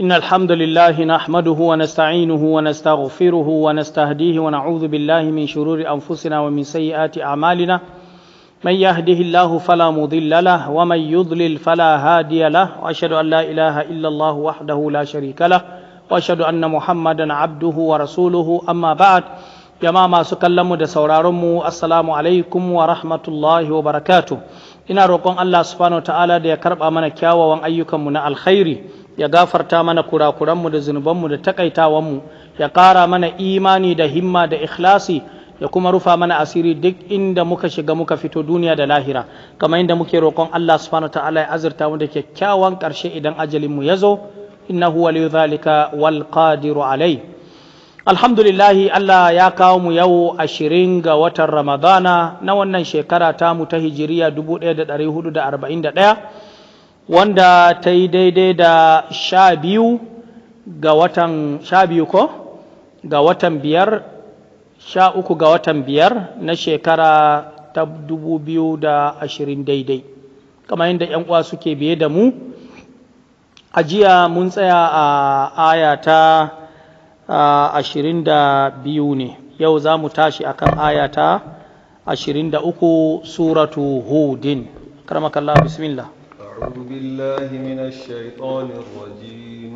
إن الحمد لله نحمده ونستعينه ونستغفره ونستهديه ونعوذ بالله من شرور أنفسنا ومن سيئات أعمالنا من يهده الله فلا مضل له ومن يضلل فلا هادي له وأشهد أن لا إله إلا الله وحده لا شريك له وأشهد أن محمدا عبده ورسوله أما بعد جماعة ما سكلم دسورارم السلام عليكم ورحمة الله وبركاته ina roƙon Allah subhanahu ta'ala da ya karɓa mana kyawawan ayyukanmu na alkhairi ya gafarta mana kurakuranmu da zunubanmu da takaitawanmu ya ƙara mana imani da himma da ikhlasi ya kuma rufa mana asiri duk inda muka shiga muka fito duniya da lahira kamar inda muke roƙon Allah subhanahu ta'ala ya azurta mu da kyakkyawan ƙarshe idan ajalinmu ya zo innahu waliyu zalika wal qadiru alai alhamdulillahi Allah ya kawo mu yau ashirin ga watan ramadana na wannan shekara ta mu ta hijiriya 1441 wanda ta yi daidai da sha biyu ga watan sha biyu ko ga watan biyar sha uku ga watan biyar na shekara ta 2020 daidai kamar yadda 'yan uwa suke biye da mu ajiya mun tsaya a ayata. ta ashirin da biyu ne yau za tashi akan ayata ta uku suratu hudin karmakallah bismillah أعوذ بالله من الشيطان الرجيم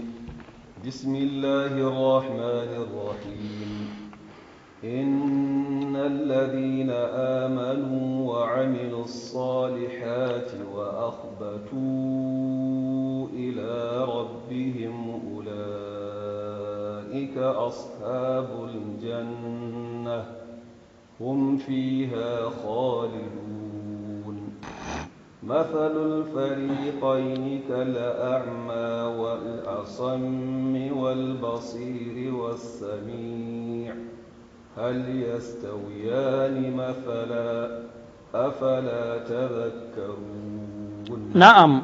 بسم الله الرحمن الرحيم إن الذين آمنوا وعملوا الصالحات وأخبتوا أولئك أصحاب الجنة هم فيها خالدون مثل الفريقين كالأعمى والأصم والبصير والسميع هل يستويان مثلا أفلا تذكرون نعم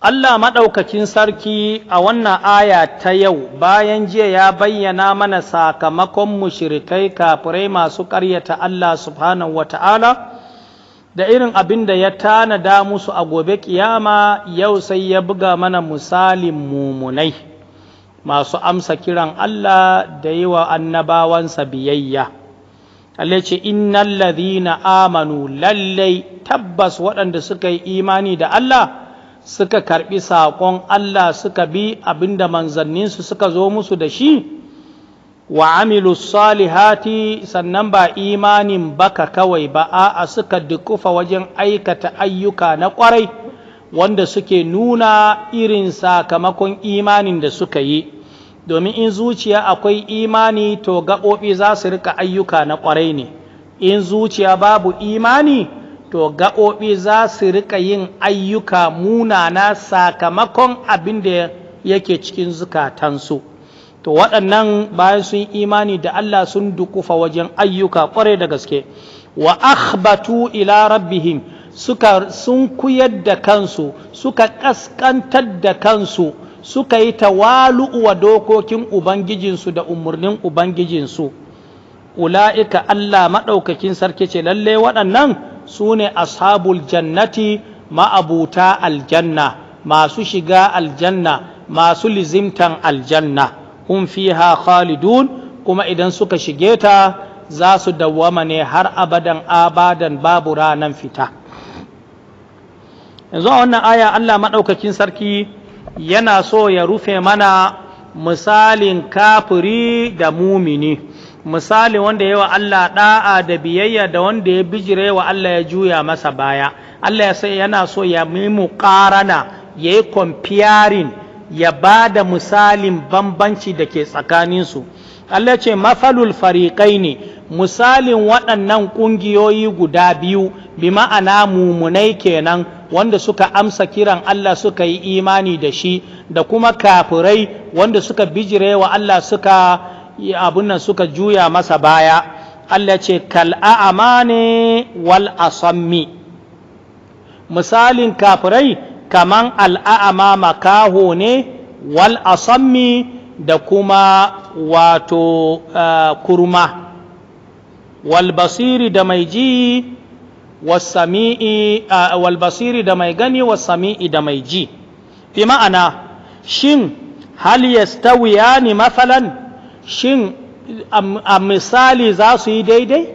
Allah maɗaukakin sarki a wannan aya ta yau bayan jiya ya bayyana mana sakamakon mushirikai kafirai masu ƙaryata Allah subhanahu wa ta'ala da irin abin da ya tanada musu a gobe ƙiyama yau sai ya buga mana misalin mumunai masu amsa kiran Allah da yi wa annabawansa biyayya. Allah ce innal ladhina amanu lallai tabbas waɗanda suka yi imani da Allah suka karbi saƙon Allah suka bi abinda manzanninsu suka zo musu da shi wa amilu salihati sannan ba imanin baka kawai ba a suka dukufa wajen aikata ayyuka na ƙwarai wanda suke nuna irin sakamakon imanin da suka yi domin in zuciya akwai imani to gaɓoɓi za su rika ayyuka na ƙwarai ne in zuciya babu imani to gaɓoɓi za su rika yin ayyuka munana sakamakon abin da yake cikin zukatansu to waɗannan bayan sun imani da Allah sun dukufa wajen ayyuka ƙwarai da gaske wa akhbatu ila rabbihim suka sun kuyar da kansu suka ƙasƙantar da kansu suka yi tawalu'u wa dokokin ubangijinsu da umarnin ubangijinsu ula'ika Allah maɗaukakin sarki ce lalle waɗannan su ne ashabul jannati ma'abuta aljanna masu shiga aljanna masu lizimtan aljanna hum fiha khalidun kuma idan suka shige ta za su dawwama ne har abadan abadan babu ranan fita yanzu a wannan aya Allah maɗaukakin sarki yana so ya rufe mana misalin kafiri da mumini misali wanda ya wa Allah ɗa'a da biyayya da wanda ya bijire wa Allah ya juya masa baya Allah ya sai yana so ya mimu karana ya yi kwamfiyarin ya ba da misalin bambanci da ke tsakaninsu Allah ce mafalul fariƙai ne misalin waɗannan ƙungiyoyi guda biyu bi ma'ana mumunai kenan wanda suka amsa kiran Allah suka yi imani da shi da kuma kafirai wanda suka bijire wa Allah suka abun nan suka juya masa baya Allah ce kal ne wal asammi misalin kafirai kaman a'ama makaho ne wal asammi da kuma wato eh, kurma wal basiri da mai ji eh, wal basiri da mai gani wasami'i da mai ji bi ma'ana shin hal yastawiyani mafalan? shin a misali za su yi daidai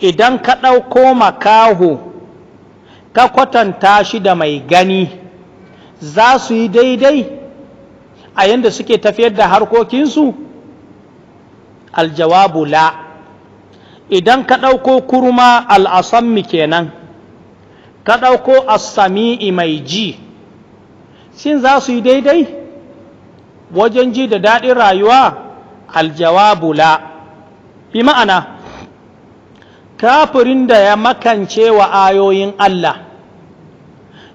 idan ka ɗauko makaho ka kwatanta shi da mai gani za su yi daidai a yadda suke tafiyar da harkokinsu aljawabu la idan ka ɗauko kurma al'asammi kenan ka ɗauko asami'i mai ji shin za su yi daidai wajen ji da daɗin rayuwa aljawabu la bi ma'ana kafirin da ya makance wa ayoyin Allah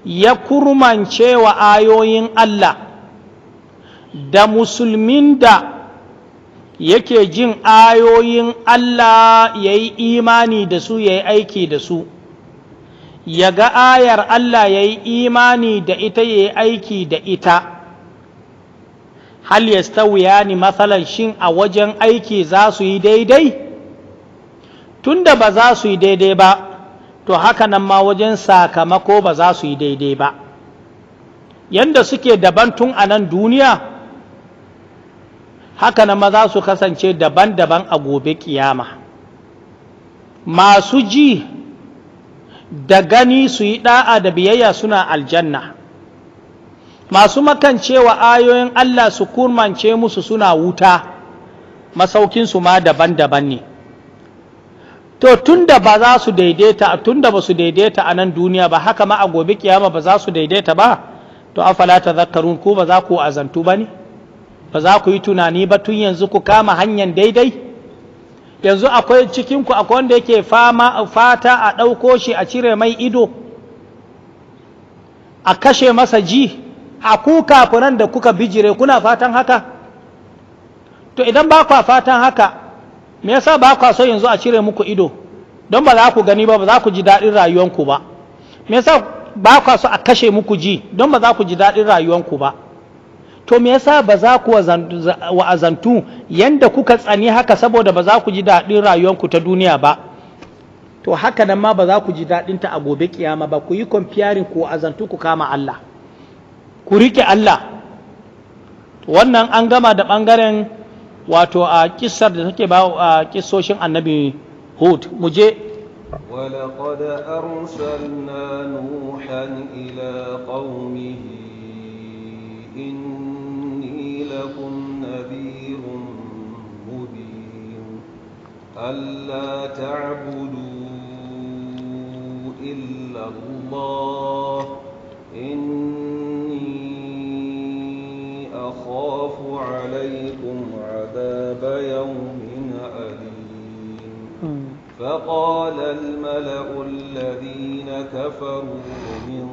ya kurmance wa ayoyin Allah da musulmin da yake jin ayoyin Allah ya yi imani da su ya yi aiki da su ya ga ayar Allah ya yi imani da ita ya yi aiki da ita hal ni matsalar shin a wajen aiki za su yi daidai tunda ba za su yi daidai ba to haka nan ma wajen sakamako ba za su yi daidai ba yanda suke daban tun a nan duniya haka nan ma za su kasance daban-daban a gobe kiyama masu ji da gani su yi da'a da biyayya suna aljanna masu makancewa ayoyin Allah su kurmance musu suna wuta masaukinsu ma daban-daban ne to tunda ba za su daidaita tunda ba su daidaita a nan duniya ba haka ma a gobe kiyama ba za su daidaita ba to afala zakarun ku ba za ku azantu ba ne ba za ku yi tunani ba tun yanzu ku kama hanyar daidai yanzu akwai cikinku akwai wanda yake fama fata a ɗauko shi a cire mai ido a kashe masa ji a ku kafinan da kuka bijire kuna fatan haka to idan ba kwa fatan haka me yasa ba kwa so yanzu a cire muku ido don ba za ku gani ba ba za ku ji daɗin rayuwanku ba me yasa ba kwa so a kashe muku ji don ba za ku ji daɗin rayuwanku ba to me yasa ba za ku wa'azantu yanda kuka tsani haka saboda ba za ku ji daɗin rayuwanku ta duniya ba to haka nan ma ba za ku ji daɗinta a gobe kiyama ba ku yi kwamfiyarin ku wa'azantu ku kama Allah ku rike Allah wannan an gama da ɓangaren wato a kisar da take ba a kisoshin annabi hud mu je ولقد أرسلنا نوحا إلى قومه إني لكم نذير مبين ألا تعبدوا إلا الله أخاف عليكم عذاب يوم أليم فقال الملأ الذين كفروا من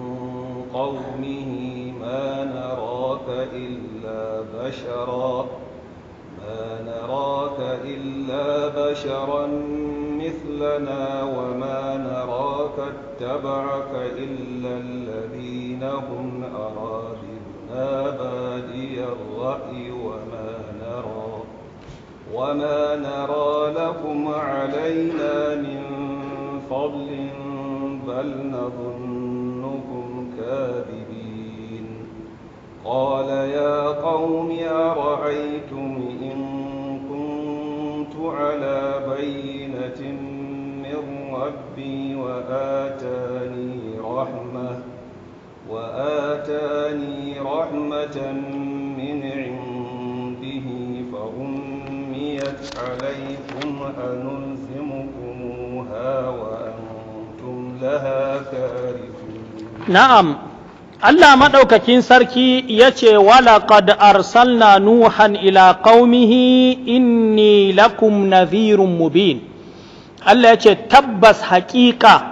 قومه ما نراك إلا بشرا ما نراك إلا بشرا مثلنا وما نراك اتبعك إلا الذين هم أرادين لنا بادي الرأي وما نرى وما نرى لكم علينا من فضل بل نظنكم كاذبين قال يا قوم أرأيتم إن كنت على بينة من ربي وآتاني وآتاني رحمة من عنده فأميت عليكم أنلزمكموها وأنتم لها كارهون نعم Allah maɗaukakin sarki ya ce, Walaƙad arsalna Nuhan ila ƙaumihi inni lakum nadhirun mubin. Allah ya ce, Tabbas haƙiƙa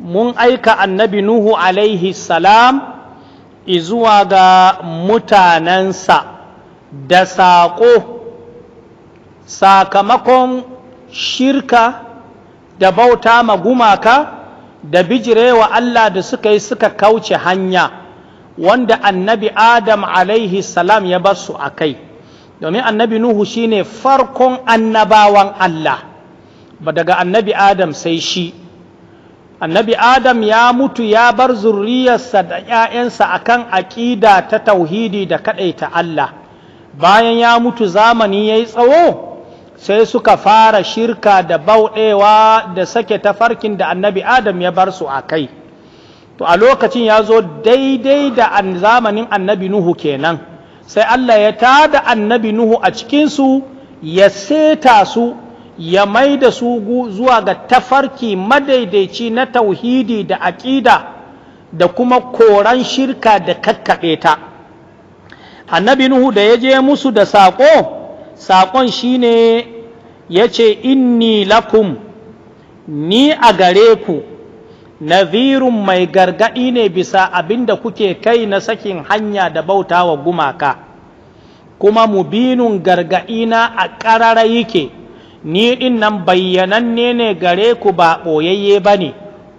mun aika annabi Nuhu alaihi salam izuwa ga mutanensa da saƙo sakamakon shirka da bauta ma gumaka da bijirewa Allah da suka yi suka kauce hanya wanda annabi Adam alaihi salam ya bar su a kai domin annabi Nuhu shine farkon annabawan Allah ba daga annabi Adam sai shi annabi adam ya mutu ya bar zurriyarsa da 'ya'yansa kan aƙida ta tauhidi da ta Allah bayan ya mutu zamani ya yi tsawo sai suka fara shirka da bauɗewa da sake tafarkin da annabi adam ya bar su a kai to a lokacin ya zo daidai da an zamanin annabi nuhu kenan sai Allah ya tada annabi nuhu a cikinsu ya seta su ya mai da su zuwa ga tafarki madaidaici na tauhidi da aƙida da kuma koran shirka da kakkaɓe ta annabi nuhu da ya je musu da saƙo saƙon shine ya ce inni lakum ni a gare ku nazirun mai gargaɗi ne bisa abin da kuke kai na sakin hanya da bautawa gumaka kuma mubinun gargaɗi na a ƙarara yake ni ɗin nan bayyananne ne gare ku ba ɓoyayye ba ne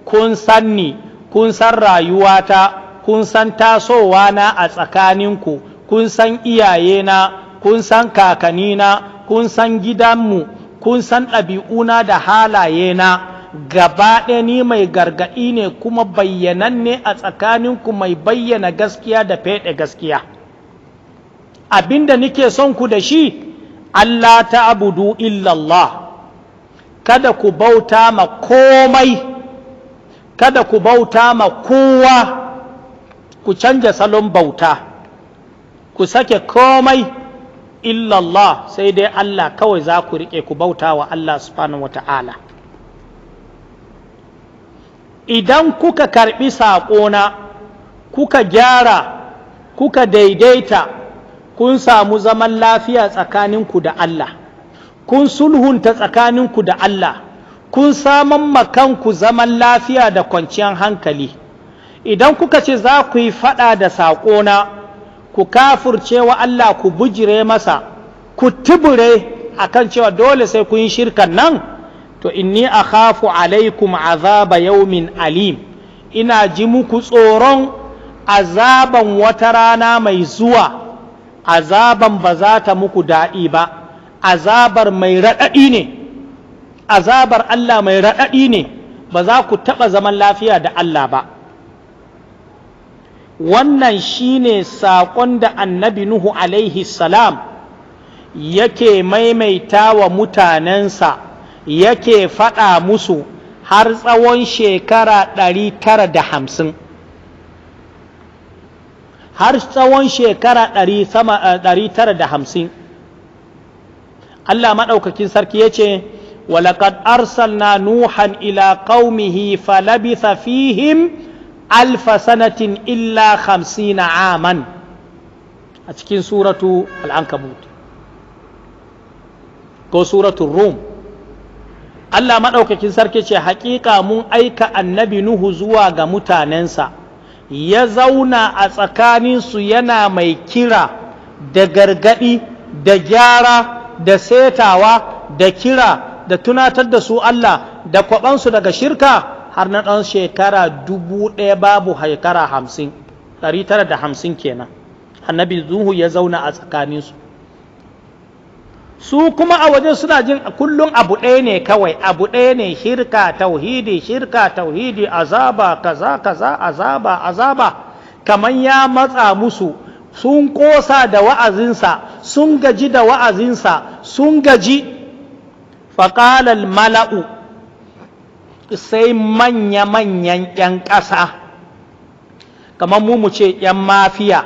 kun san ni kun san rayuwata kun san tasowa na a tsakaninku kun san iyayena kun san kakanina kun san gidanmu kun san ɗabi'una da halayena gaba ɗaya ni mai gargaɗi ne kuma bayyananne a tsakaninku mai bayyana gaskiya da feɗe gaskiya abinda nike son ku da shi Allah ta abudu illallah kada ku bauta ma komai kada ku bauta ma kowa ku canja salon bauta ku sake komai illallah sai dai Allah kawai za ku riƙe ku bauta wa Allah subhanahu wata'ala idan kuka karɓi saƙona kuka gyara kuka daidaita kun samu zaman lafiya tsakaninku da Allah kun sulhunta tsakaninku da Allah kun saman makanku zaman lafiya da kwanciyar hankali idan kuka ce za ku yi faɗa da saƙona ku kafurce wa Allah ku bujire masa ku tubure akan cewa dole sai kun yi shirkan nan to inni akhafu alaikum azaba yaumin alim ina ji muku tsoron azaban wata rana mai zuwa azaban ba za ta muku daɗi ba azabar mai raɗaɗi ne azabar Allah mai raɗaɗi ne ba za ku taɓa zaman lafiya da Allah ba wannan shine saƙon da annabi Nuhu alaihi salam yake maimaita wa mutanensa yake faɗa musu har tsawon shekara ɗari tara da hamsin. har tsawon shekara ɗari eh, da hamsin Allah maɗaukakin sarki ya ce walaƙad arsalna nuhan ila ƙaumihi falabitha fihim alfa sanatin illa hamsina aman a cikin suratu al'ankabut ko suratun rum Allah maɗaukakin sarki ce haƙiƙa mun aika annabi nuhu zuwa ga mutanensa ya zauna a tsakaninsu yana mai kira da gargadi da gyara da setawa da kira da tunatar da su Allah da kwaɓansu daga shirka har na ɗan shekara dubu ɗaya babu haikara hamsin ɗari tara da hamsin kenan annabi zuhu ya zauna a tsakaninsu su kuma a wajen suna jin kullun abu ɗaya ne kawai abu ɗaya ne shirka tauhidi shirka tauhidi azaba kaza kaza azaba azaba kamar ya matsa musu sun ƙosa da wa'azinsa sun gaji da wa'azinsa sun gaji faƙalar mala'u sai manya-manyan ‘yan ƙasa kamar mu mu ce ‘yan mafiya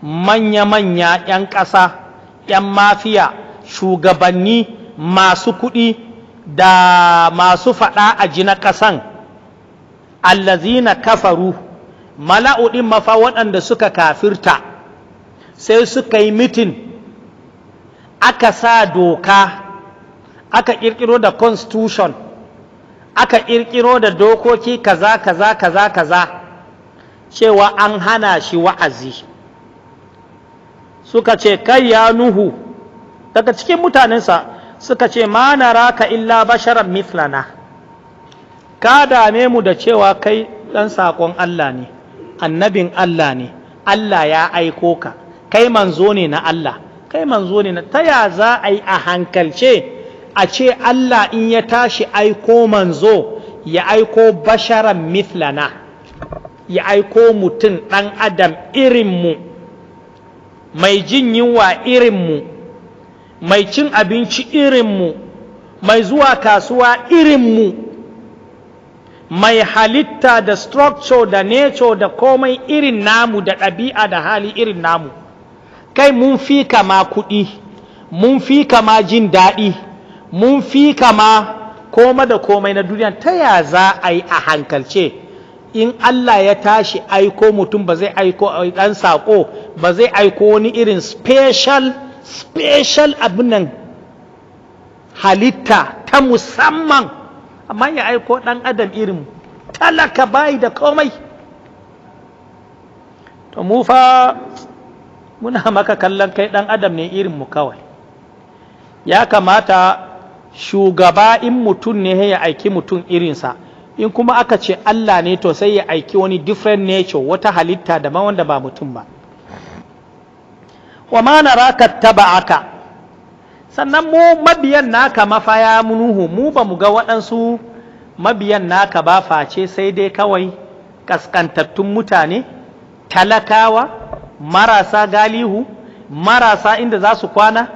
manya-manya ‘yan ƙasa’ 'yan mafiya shugabanni masu kuɗi da masu faɗa a ji na ƙasan allazina kafaru mala'udin mafa waɗanda suka kafirta sai suka yi mitin aka sa doka aka ƙirƙiro da constitution aka ƙirƙiro da dokoki kaza kaza kaza kaza cewa an hana shi wa'azi suka ce kai ya nuhu daga cikin mutanensa suka ce ma raka illa basharan mithlana ka dame mu da cewa kai ɗan saƙon Allah ne annabin Allah ne Allah ya aiko ka kai manzo ne na Allah kai manzo ne na ta ya za a yi a hankalce a ce Allah in ya tashi aiko manzo ya aiko basharan mithlana ya aiko mutum ɗan adam irin mu mai jin yunwa irinmu mai cin abinci irinmu mai zuwa kasuwa irinmu mai halitta da structure da nature da komai irin namu da ɗabi'a da hali irin namu kai mun fi kama kuɗi mun fi kama jin daɗi mun fi kama koma da komai na duniya ta ya za a yi a hankalce in Allah ya tashi aiko mutum ba zai aiko ɗan saƙo ba zai aiko wani irin special special abinan halitta ta musamman amma ya aiko ɗan adam irin talaka bayi da komai to mu fa muna maka kallon kai ɗan adam ne irin mu kawai ya kamata shugaba in mutum ne ya aiki mutum irinsa in kuma aka ce Allah ne to sai ya aiki wani different nature wata halitta da wanda ba mutum ba wa ma naraka taba'aka sannan mu mabiyan naka mafaya munuhu mu ba mu ga waɗansu mabiyan naka ba face sai dai kawai kaskantattun mutane talakawa marasa galihu marasa inda za su kwana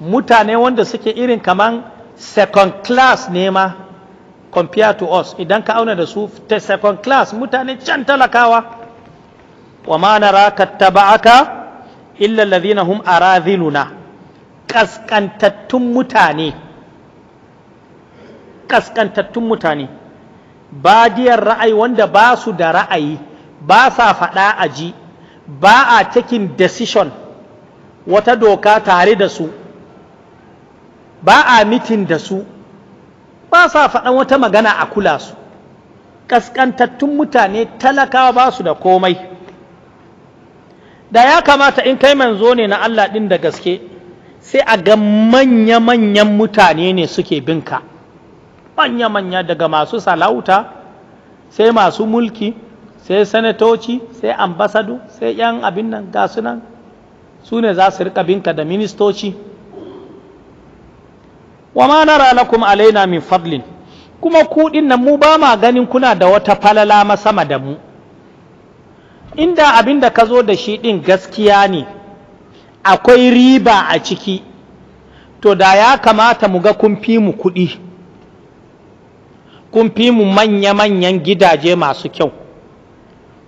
mutane wanda suke irin kaman second class ne ma compared to us idan ka auna da su ta second class mutane can talakawa wa ma naraka taba'aka illa alladhina hum aradhiluna kaskantattun mutane kaskantattun mutane badiyar ra'ayi wanda ba su da ra'ayi ba sa faɗa a ji ba a taking decision wata doka tare da su ba a mitin da su ba sa faɗan wata magana a kula su ƙasƙantattun mutane talakawa ba su da komai da ya kamata in kai manzo ne na Allah ɗin da gaske sai a ga manya-manyan mutane ne suke binka manya-manya daga masu salauta sai masu mulki sai sanatoci sai ambasadu sai 'yan abin nan gasu nan su ne za su riƙa binka da ministoci wa ma nara lakum alaina min fadlin kuma ku nan mu ba ma ganin kuna da wata falala ma sama da mu inda abin da ka zo da shi din gaskiya ne akwai riba a ciki to da ya kamata mu ga kun fi mu kuɗi kun fi mu manya-manyan gidaje masu kyau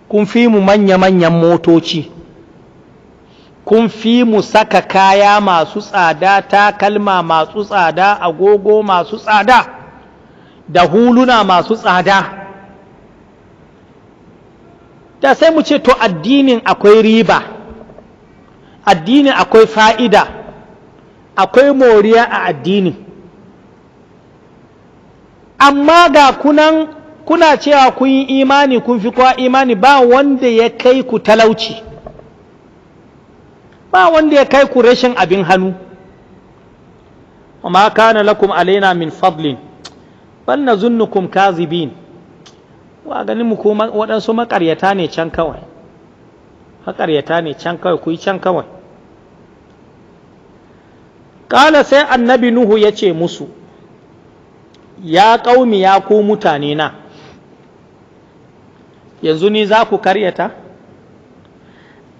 kun fi mu manya-manyan motoci kun fi mu saka kaya masu tsada takalma masu tsada agogo masu tsada da huluna masu tsada da sai mu ce to addinin akwai riba addinin akwai fa'ida akwai moriya a addini amma ga kunan kuna cewa kun yi imani kun fi kowa imani ba wanda ya kai ku talauci ba wanda ya kai ku rashin abin hannu amma kana lakum alaina min fadlin bal nazunnukum kazibin wa ganin mu ko waɗansu makaryata ne can kawai makaryata ne can kawai ku yi can kawai kala sai annabi nuhu ya ce musu ya ƙaumi ya ku mutane na yanzu ni za ku karyata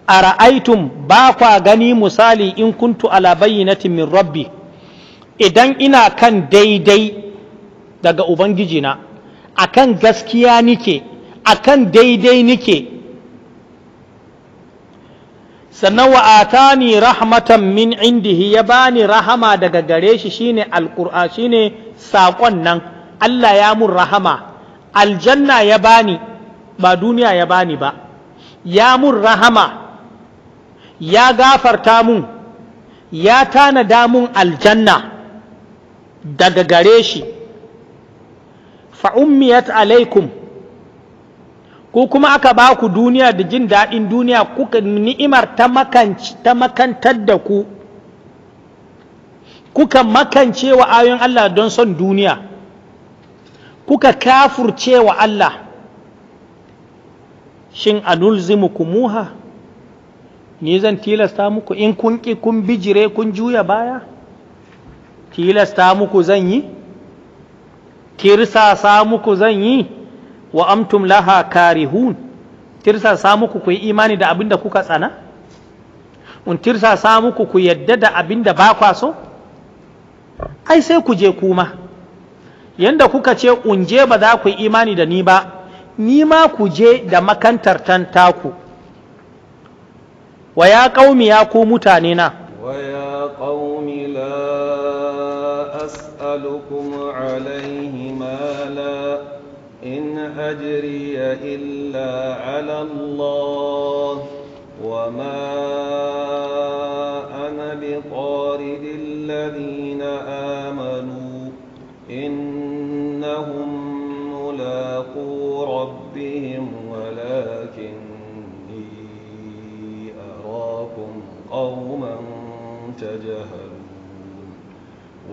ara'aitum ba kwa gani misali in kuntu ala bayyinatin min rabbi idan ina kan daidai daga ubangijina akan gaskiya nike akan daidai nike sannan wa atani rahmatan min indihi ya bani rahama daga gare shi shine alqur'an shine saƙon nan Allah ya mun rahama aljanna ya bani ba duniya ya bani ba ya mun rahama ya gafarta mun ya tanada mun aljanna daga gare shi fa'ummiyat alaikum ko kuma aka ba ku duniya da jin daɗin duniya kuka ni'imar ta makantar da ku kuka makance wa ayon Allah don son duniya kuka kafurce wa Allah shin anulzimu kumuha ni zan tilasta muku in kun ƙi kun bijire kun juya baya tilasta muku zan yi tirsasa muku zan yi wa amtum laha karihun tirsasa muku ku yi imani da abin da kuka tsana un tirsasa muku ku yadda da abin da ba kwa so ai sai ku je kuma yanda kuka ce unje ba za ku yi imani da ni ba ni ma ku je da makantar taku ويا قوم يا قوم تانينا ويا قوم لا أسألكم عليه مالا إن أجري إلا على الله وما أنا بطارد الذين آمنوا إنهم ملاقو ربهم ولكن قوما تجهلون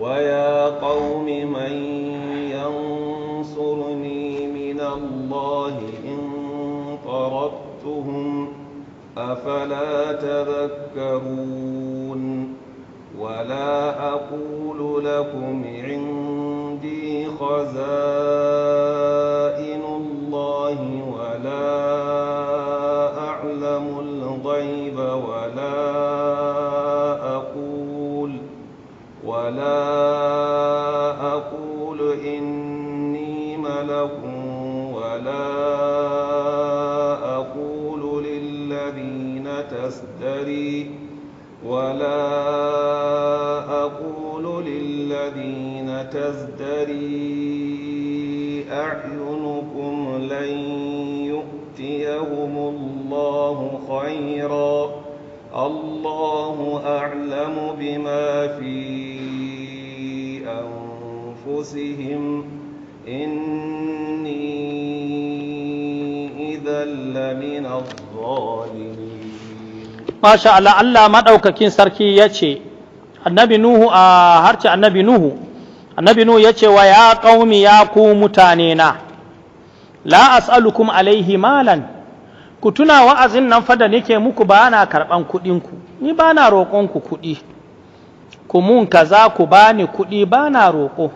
ويا قوم من ينصرني من الله إن طردتهم أفلا تذكرون ولا أقول لكم عندي خزائن تزدري أعينكم لن يؤتيهم الله خيرا الله أعلم بما في أنفسهم إني إذا لمن الظالمين ما شاء الله الله ما أوكاكين سركي يأتي النبي نوه آه harce النبي نوه annabi nu ya ce wa ya ƙaumi ya ku mutane na la as'alukum alaihi malan ku tuna wa'azin nan fa da nake muku ba na karɓan kuɗin ku ni ba na roƙon ku kuɗi ku mun kaza ku bani kuɗi ba na roƙo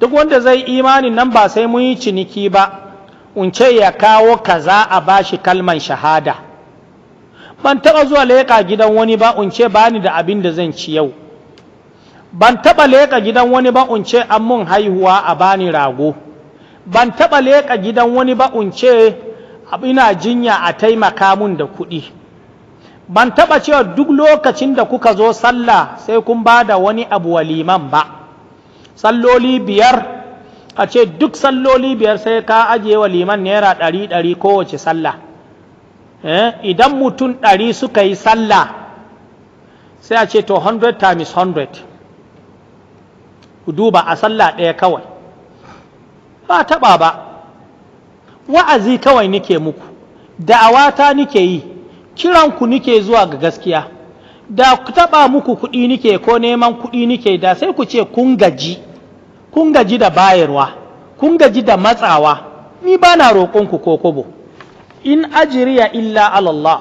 duk wanda zai imanin nan ba sai mun yi ciniki ba in ce ya kawo kaza a bashi kalman shahada ban taɓa zuwa leƙa gidan wani ba in ce bani da abin da zan ci yau ban taɓa leƙa gidan wani ba in ce an mun haihuwa a bani rago ban taɓa leƙa gidan wani ba in ce ina jinya a taimaka mun da kuɗi ban taɓa cewa duk lokacin da kuka zo sallah sai kun ba da wani abu waliman ba salloli biyar a ce duk salloli biyar sai ka ajiye wa liman naira ɗari ɗari kowace sallah eh, idan mutum ɗari suka yi sallah sai a ce to 100 times 100 ku duba a sallah ɗaya kawai ba taɓa ba wa'azi kawai nike muku da'awata nike yi kiranku nike zuwa ga gaskiya da ku taɓa muku kuɗi nike ko neman kuɗi nike da sai ku ce kun gaji kun gaji da bayarwa kun gaji da matsawa ni ba na roƙonku ko kobo in ajiriya illa alallah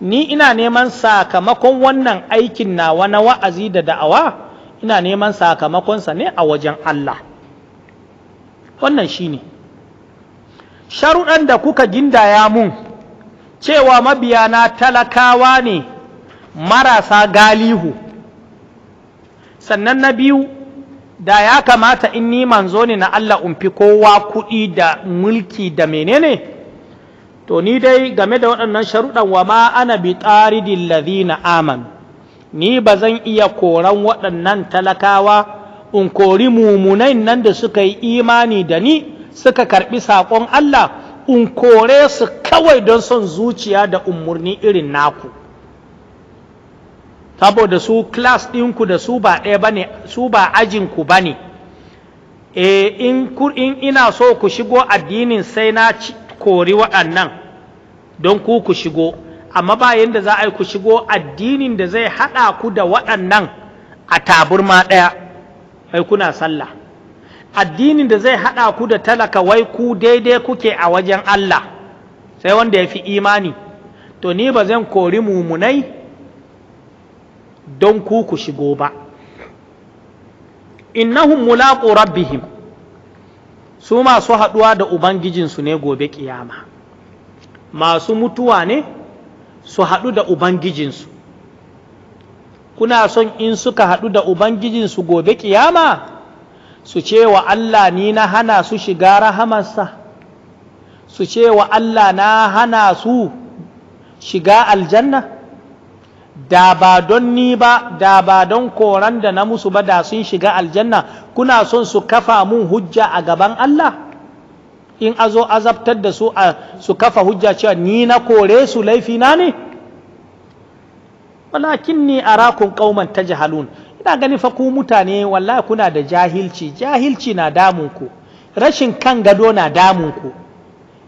ni ina neman sakamakon wannan aikin nawa na wa'azi da da'awa ina neman sakamakonsa ne a wajen Allah wannan shi ne sharuɗan da kuka gindaya mun cewa mabiyana talakawa ne marasa galihu sannan na biyu da ya kamata in ni manzo ne na Allah in fi kowa kuɗi da mulki da menene to ni dai game da waɗannan sharuɗan wa ma ana bi taridin na amanu ni ba zan iya koran waɗannan talakawa in kori mumunai nan da suka yi imani da ni suka karɓi saƙon Allah in kore su kawai don son zuciya da umurni irin naku saboda su class ɗinku da su ba ɗaya ba ne su ba ajinku ba ne e, eh, in ina so ku shigo addinin sai na kori waɗannan don ku ku shigo amma ba yadda za a yi ku shigo addinin da zai haɗa ku da waɗannan a taburma ɗaya ai kuna sallah addinin da zai haɗa ku da talaka wai ku daidai kuke a wajen Allah sai wanda ya fi imani to ni ba zan kori mumunai don ku ku shigo ba innahum mulaqu rabbihim su masu haɗuwa da ubangijinsu ne gobe ƙiyama masu mutuwa ne su haɗu da ubangijinsu kuna son in suka haɗu da ubangijinsu gobe ƙiyama? su ce wa Allah ni na hana su shiga rahamarsa su ce wa Allah na hana su shiga aljanna da ba don ni ba da ba don koran da na musu ba da sun shiga aljanna kuna son su kafa mun hujja a gaban Allah in a zo azabtar da su a su kafa hujja cewa ni na kore su laifi na ne walakin ni a kauman ta jihalun ina gani fa ku mutane walla kuna da jahilci jahilci na damun ku rashin kan gado na damun ku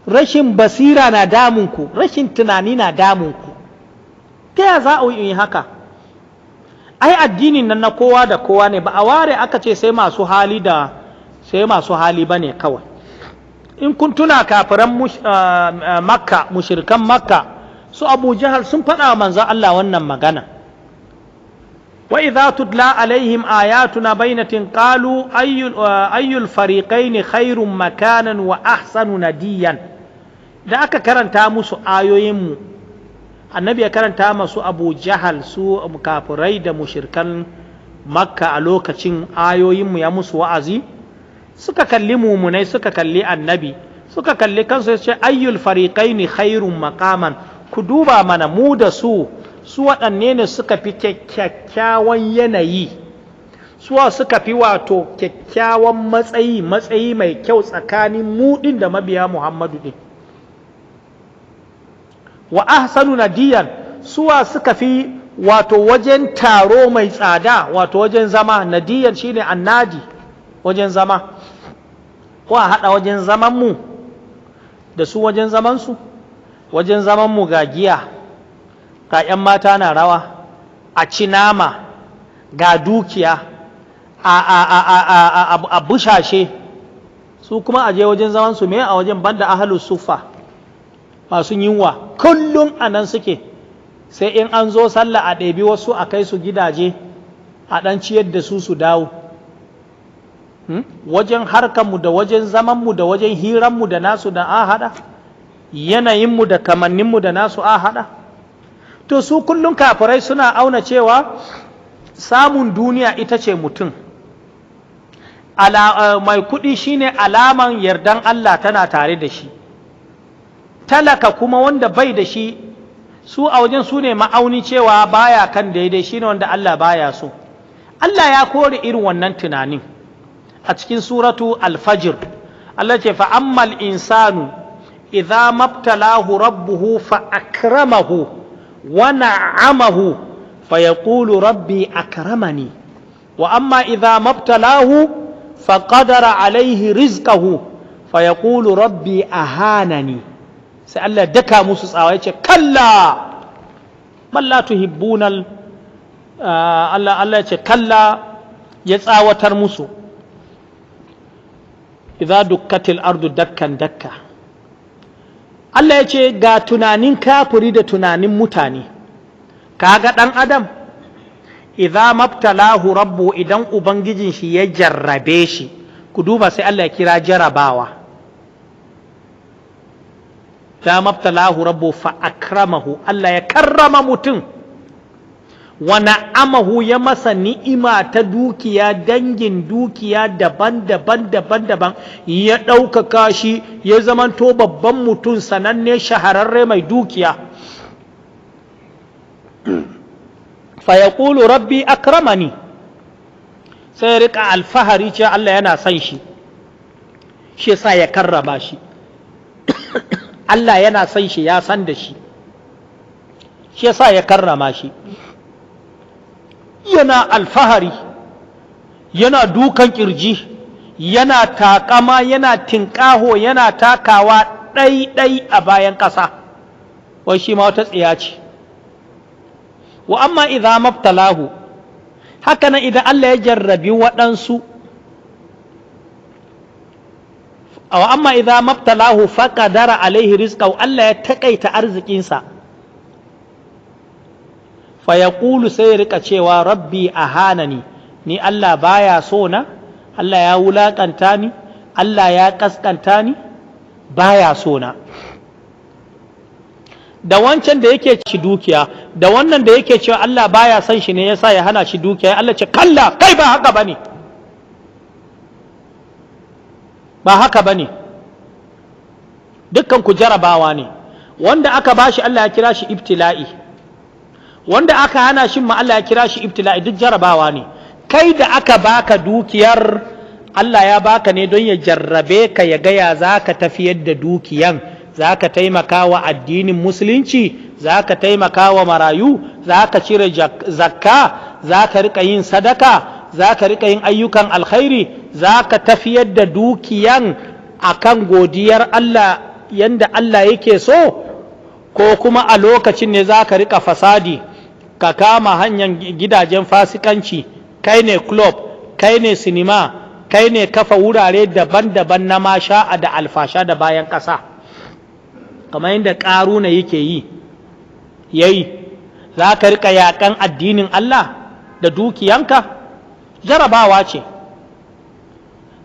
rashin basira na damun ku rashin tunani na damun ku ta ya za a yi haka ai addinin nan na kowa da kowa ne ba a ware aka ce sai masu hali da sai masu hali bane kawai in kun tuna kafiran ah, ah, makka mushirkan makka su abu jahal sun faɗa manzan Allah wannan magana wa idza tutla alaihim ayatuna bainatin qalu ayyul ah, ayyul fariqaini khairum makanan wa ahsanu nadiyan da aka karanta musu ayoyinmu, annabi ya karanta masu abu jahal su kafirai da mushirkan makka a lokacin ayoyinmu ya musu wa'azi suka kalli mumunai suka kalli annabi suka kalli kansu ya ce ayyul ne khairun makaman ku duba mana mu da su su waɗanne ne suka fi kyakkyawan yanayi suwa suka fi wato kyakkyawan matsayi matsayi mai kyau tsakanin mu da mabiya muhammadu ɗin wa ahsanu nadiyan suwa suka fi wato wajen taro mai tsada wato wajen zama nadiyan shine annadi wajen zama ko a haɗa wajen zamanmu da su wajen zamansu wajen zamanmu ga giya ga 'yan mata na rawa a ci nama ga dukiya a bushashe su kuma a je wajen zaman su me a wajen banda ahalu sufa masu yunwa kullum a nan suke sai in an zo sallah a ɗabi wasu a kai su gidaje a ɗan ciyar da su su dawo Hmm? wajen harkanmu da wajen zamanmu da wajen hiranmu da nasu da a haɗa yanayinmu da kamanninmu da nasu a haɗa to su kullum kafirai suna auna cewa samun duniya ita ce mutum eh, mai kuɗi shine alaman yardan Allah tana tare da shi talaka kuma wanda bai da shi su a wajen su ne ma'auni cewa baya kan daidai shine wanda Allah baya so Allah ya kore irin wannan tunanin a cikin suratu alfajir Allah ce fa ammal insanu idza mabtalahu rabbuhu fa akramahu wa na'amahu fa yaqulu rabbi akramani wa amma idza mabtalahu fa qadara alaihi rizqahu fa yaqulu rabbi ahanani sai Allah daka musu tsawa yace kalla man la tuhibbuna ah, Allah Allah yace kalla ya tsawatar musu iza dukkatil ardu dakkan dakka Allah ya ce ga tunanin kafuri da tunanin mutane kaga dan adam Iza mabtalahu rabbu idan ubangijin shi ya jarrabe shi ku duba sai Allah ya kira jarabawa Iza mabtalahu rabbu fa akramahu Allah ya karrama mutum wana amahu ya masa ni'ima ta dukiya dangin dukiya daban-daban daban-daban ya ɗaukaka shi ya zamanto babban mutum sananne shahararre mai dukiya Fa ƙulu rabbi akramani sai rika alfahari ce Allah yana son shi shi sa ya karrama shi Allah yana son shi ya san da shi shi sa ya karrama shi yana alfahari yana dukan kirji yana takama yana tinkaho yana takawa ɗai-ɗai a bayan ƙasa wai shi ma wata tsiya ce wa amma idan mabtalahu haka nan idan Allah ya jarrabi waɗansu wa amma idan mabtalahu faqadara alaihi rizqahu Allah ya taƙaita arzikinsa fa yaqulu sai rika cewa rabbi ahanani ni Allah baya so na Allah ya wulakanta ni Allah ya kaskanta ni baya so na da wancan da yake ci dukiya da wannan da yake cewa Allah baya son shi ne yasa ya hana shi dukiya Allah ce kalla kai ba haka bane ba haka bane dukkan ku jarabawa ne wanda aka bashi Allah ya kira shi ibtila'i wanda aka hana shi ma Allah ya kira shi ibtila duk jarabawa ne kai da aka baka dukiyar Allah ya baka ne don ya jarrabe ka ya gaya za ka tafiyar da dukiyan za ka taimaka wa addinin musulunci za ka taimaka wa marayu za ka cire zakka za ka rika yin sadaka za ka riƙa yin ayyukan alkhairi za ka tafiyar da dukiyan akan godiyar Allah yanda Allah yake so ko kuma a lokacin ne za ka rika fasadi ka kama hanyar gidajen fasikanci kai ne club kai ne sinima kai ne kafa wurare daban-daban na a da alfasha da bayan ƙasa kamar yadda ƙaruna yake yi yayi za ka riƙa yaƙan addinin Allah da dukiyanka jarabawa ce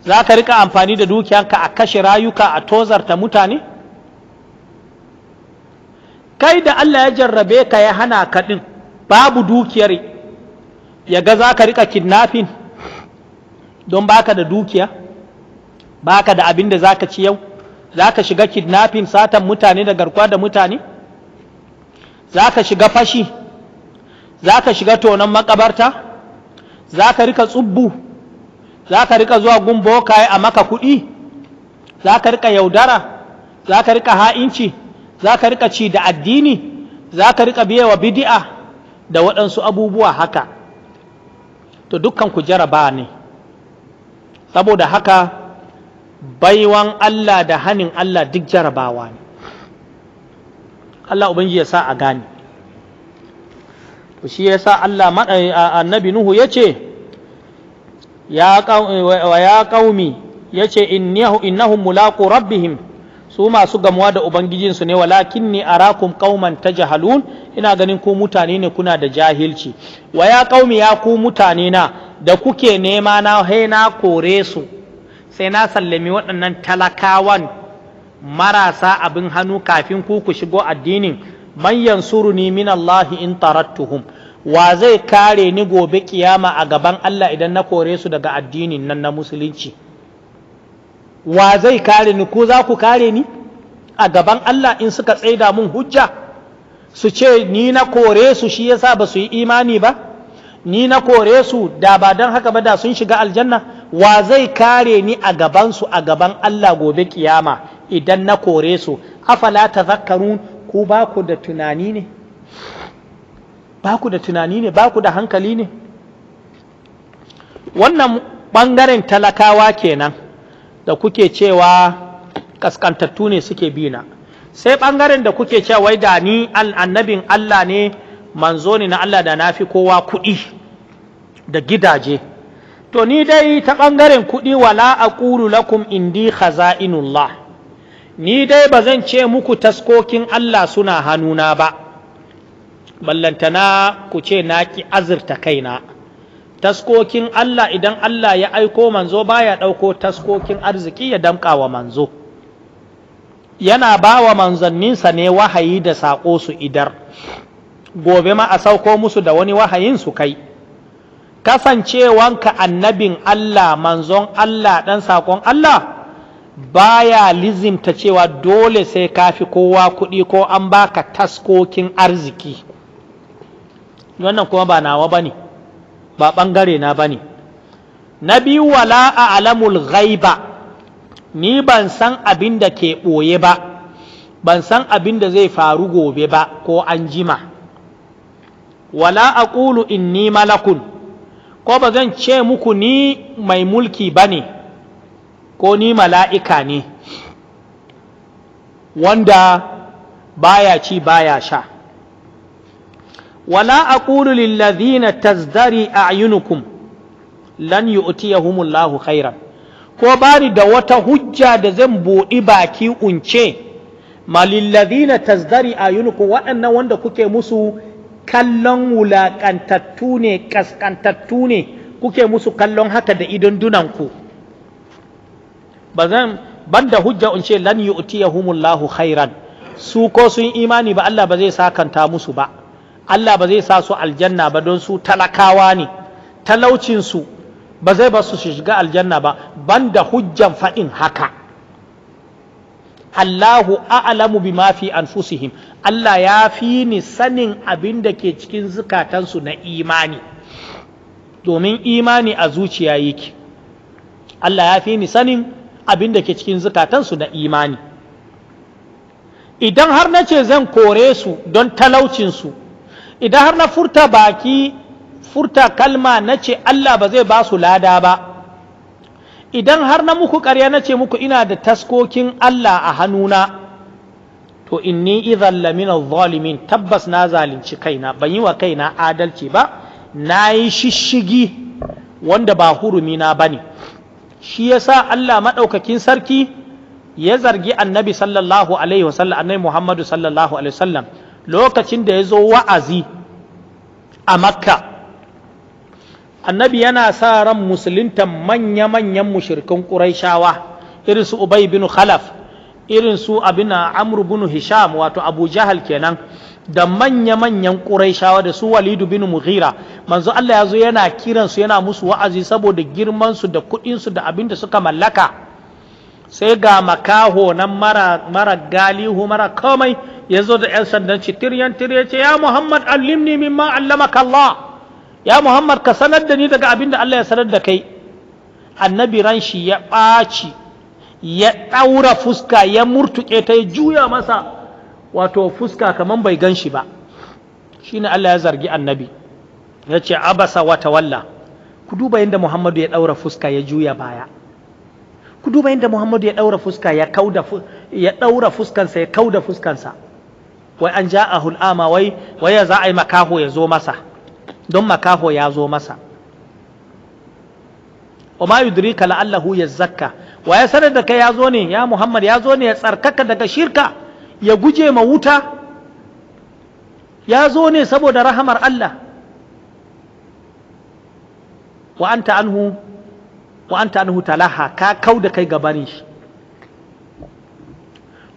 za ka riƙa amfani da dukiyanka a kashe rayuka a tozarta mutane kai da Allah ya jarrabe ka ya hana kaɗin? babu dukiyar ya ga za ka rika kidnapping don baka da dukiya baka da abin da za ka ci yau za ka shiga kidnapping satan mutane da garkuwa da mutane za ka shiga fashi za ka shiga tonon makabarta za ka rika tsubbu za ka rika zuwa gun bokaye a maka kuɗi za ka rika yaudara za ka rika ha'inci za ka rika ci da addini za ka rika biya wa bidi'a da waɗansu abubuwa haka to dukkan ku jaraba ne saboda haka baiwan Allah da hanin Allah duk jarabawa ne Allah ubangiji ya sa a gane to shi sa Allah eh, annabi Nuhu ya ce ya ƙaumi ya ce innahum mulaqu rabbihim su masu gamuwa da ubangijinsu ne walakin ni arakum qauman tajhalun ina ganin ku mutane ne kuna da jahilci wa ya qaumi ya ku mutane na da kuke nema na he na kore su sai na sallami waɗannan talakawan marasa abin hannu kafin ku ku shigo addinin man yansuruni min Allah in tarattuhum wa zai kare ni gobe kiyama a gaban Allah idan na kore su daga addinin nan na musulunci wa zai kare ni ko za ku kare ni a gaban Allah in suka tsaida mun hujja su ce ni na kore su shi yasa ba su yi imani ba ni na kore su da ba don haka ba da sun shiga aljanna wa zai kare ni a gaban su a gaban Allah gobe kiyama idan na kore su afala tazakkarun ku ba ku da tunani ne ba ku da tunani ne ba ku da hankali ne wannan ɓangaren talakawa kenan da kuke cewa kaskantattu ne suke bina sai ɓangaren da kuke cewa wai da ni annabin Allah ne manzo ne na Allah da na fi kowa kuɗi da gidaje to ni dai ta ɓangaren kuɗi wala aqulu lakum indi khaza'inullah ni dai ba zan ce muku taskokin Allah suna hannuna ba ballantana ku ce na ki azurta kaina taskokin Allah idan Allah ya aiko manzo baya ɗauko taskokin arziki ya damƙa wa manzo yana ba wa manzanninsa ne wahayi da saƙo su idar gobe ma a sauko musu da wani wahayin su kai kasancewanka annabin Allah manzon Allah ɗan saƙon Allah baya lizimta cewa dole sai ka fi kowa kuɗi ko an baka taskokin arziki wannan kuma ba nawa ba ne ba ɓangare na ba ne na biyu wala a alamul ghaiba ni ban san abin da ke ɓoye ba ban san abin da zai faru gobe ba ko an jima wala a ƙulu ni malakun ko ba zan ce muku ni mai mulki ba ne ko ni mala'ika ne wanda baya ci baya sha wala a lil ladhina tazdari a'yunukum lan yu'tiyahumullahu khairan ko bani da wata hujja da zan buɗi baki unce malilladhina tazdari a'yunukum waɗannan wanda kuke musu kallon wulaƙantattu ne ƙasƙantattu ne kuke musu kallon haka da idon dunanku ba zan hujja unce lan yu'tiyahumullahu khairan su ko sun imani ba Allah ba zai sakanta musu ba Allah ba zai sa su aljanna ba don su talakawa ne talaucinsu ba zai ba su shiga aljanna ba banda hujjan faɗin haka Allahu a'lamu bima fi anfusihim Allah ya fi ni sanin abin da ke cikin zukatansu na imani domin imani a zuciya yake Allah ya fi ni sanin abin da ke cikin zukatansu na imani idan har na ce zan kore su don talaucinsu idan har na furta baki furta kalma na ce Allah ba zai ba su lada ba idan har na muku ƙarya na ce muku ina da taskokin Allah a hannuna to inni idhan lamina zalimin tabbas na zalunci kaina ban yi wa kaina adalci ba na yi shishigi wanda ba hurumi na bane shi yasa Allah maɗaukakin sarki ya zargi annabi sallallahu alaihi wasallam annabi Muhammadu sallallahu alaihi wasallam lokacin da ya zo wa'azi a makka annabi yana sa ran musulintan manya-manyan mushirkan ƙuraishawa irin su ubay bin khalaf irin su abin bin hisham wato abu jahal kenan da manya-manyan ƙuraishawa da su walidu bin mughira manzo Allah ya zo yana kiransu yana musu wa'azi saboda girmansu da kuɗinsu da abin da suka mallaka sai ga makaho nan mara galihu mara komai ya zo da 'yan sandan ci tiryan tirye ce ya muhammad allimni mimma allamaka Allah ya muhammad ka sanar da ni daga abin da Allah ya sanar da kai annabi ran shi ya ɓaci ya ɗaura fuska ya murtuƙe ta ya juya masa wato fuska kamar bai gan shi ba shi ne Allah ya zargi annabi ya ce abasa wata walla ku duba yadda muhammadu ya ɗaura fuska ya juya baya ku duba yadda Muhammadu ya daura fuska ya kauda ya daura fuskansa ya kauda fuskansa wai an ja'ahu al'ama wai wai ya za a yi makaho ya zo masa don makaho ya zo masa wa ma yudrika la'allahu yazakka wa ya sanar da kai ya zo ne ya Muhammad ya zo ne ya tsarkaka daga shirka ya guje ma wuta ya zo ne saboda rahamar Allah wa anta anhu Wa'anta anta talaha ka kau da kai gabanin shi